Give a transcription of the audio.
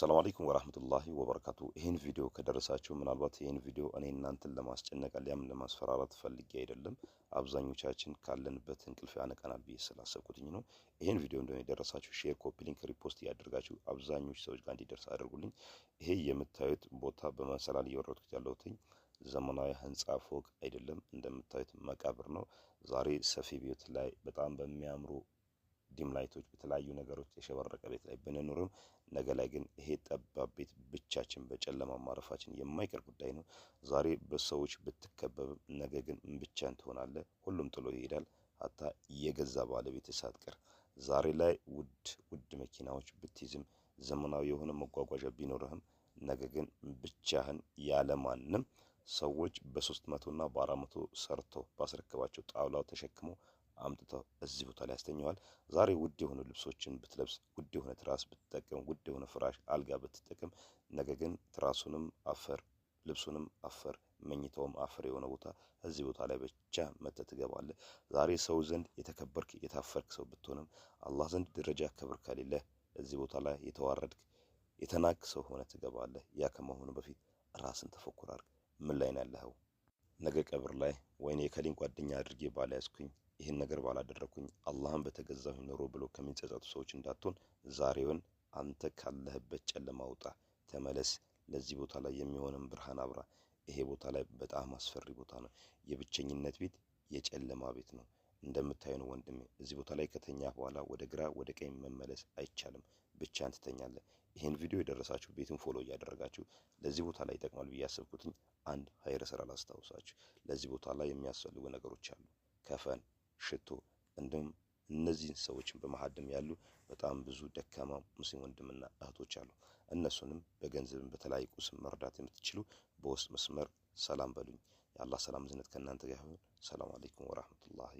ሰላም አለይኩም ወራህመቱላሂ ወበረካቱ። ይህን ቪዲዮ ከደረሳችሁ ምናልባት ይህን ቪዲዮ እኔ እናንተን ለማስጨነቅ አሊያም ለማስፈራራት ፈልጌ አይደለም። አብዛኞቻችን ካለንበት እንቅልፍ ያነቀና ብዬ ስላሰብኩትኝ ነው። ይህን ቪዲዮ እንደሆነ የደረሳችሁ ሼር፣ ኮፒ ሊንክ፣ ሪፖስት እያደርጋችሁ አብዛኞች ሰዎች ጋር እንዲደርስ አድርጉልኝ። ይሄ የምታዩት ቦታ በመሰላል እየወረድኩት ያለሁትኝ ዘመናዊ ህንፃ ፎቅ አይደለም፣ እንደምታዩት መቃብር ነው። ዛሬ ሰፊ ቤት ላይ በጣም በሚያምሩ ዲም ላይቶች፣ በተለያዩ ነገሮች የሸበረቀ ቤት ላይ ብንኖርም ነገ ላይ ግን ይሄ ጠባብ ቤት ብቻችን በጨለማ ማረፋችን የማይቀር ጉዳይ ነው። ዛሬ በሰዎች ብትከበብም ነገ ግን ብቻን ትሆናለህ። ሁሉም ጥሎ ይሄዳል። አታ የገዛ ባለቤት ሳትቀር ዛሬ ላይ ውድ ውድ መኪናዎች ብትይዝም ዘመናዊ የሆነ መጓጓዣ ቢኖርህም ነገ ግን ብቻህን ያለማንም ሰዎች በሶስት መቶ እና በአራት መቶ ሰርቶ ባስረከባቸው ጣውላው ተሸክሞ አምጥተው እዚህ ቦታ ላይ ያስተኛዋል። ዛሬ ውድ የሆኑ ልብሶችን ብትለብስ፣ ውድ የሆነ ትራስ ብትጠቀም፣ ውድ የሆነ ፍራሽ አልጋ ብትጠቀም፣ ነገ ግን ትራሱንም አፈር ልብሱንም አፈር መኝታውም አፈር የሆነ ቦታ እዚህ ቦታ ላይ ብቻ መጥተህ ትገባለህ። ዛሬ ሰው ዘንድ የተከበርክ የታፈርክ ሰው ብትሆንም አላህ ዘንድ ደረጃ ክብር ከሌለ እዚህ ቦታ ላይ የተዋረድክ የተናቅ ሰው ሆነ ትገባለህ። ያ ከመሆኑ በፊት ራስን ተፈኩር ምን ላይ ነው ያለኸው? ነገ ቀብር ላይ ወይኔ የከሊን ጓደኛ አድርጌ ባልያዝኩኝ ይህን ነገር ባላደረግኩኝ አላህን በተገዛ ኖሮ ብሎ ከሚጸጸቱ ሰዎች እንዳትሆን ዛሬውን አንተ ካለህበት ጨለማ ውጣ፣ ተመለስ፣ ለዚህ ቦታ ላይ የሚሆንን ብርሃን አብራ። ይሄ ቦታ ላይ በጣም አስፈሪ ቦታ ነው። የብቸኝነት ቤት፣ የጨለማ ቤት ነው። እንደምታዩ ነው ወንድሜ። እዚህ ቦታ ላይ ከተኛ በኋላ ወደ ግራ ወደ ቀኝ መመለስ አይቻልም። ብቻን ትተኛለህ። ይህን ቪዲዮ የደረሳችሁ ቤትን ፎሎ እያደረጋችሁ ለዚህ ቦታ ላይ ይጠቅማል ብዬ ያሰብኩትን አንድ ሀይረ ስራ ላስታውሳችሁ። ለዚህ ቦታ ላይ የሚያስፈልጉ ነገሮች አሉ። ከፈን ሽቶ እንዲሁም እነዚህን ሰዎችን በመሀድም ያሉ በጣም ብዙ ደካማ ሙስሊም ወንድምና እህቶች አሉ። እነሱንም በገንዘብም በተለያዩ ቁስም መርዳት የምትችሉ በውስጥ መስመር ሰላም በሉኝ። የአላህ ሰላም ዝነት ከእናንተ ጋር ይሁን። ሰላም አለይኩም ወራህመቱላሂ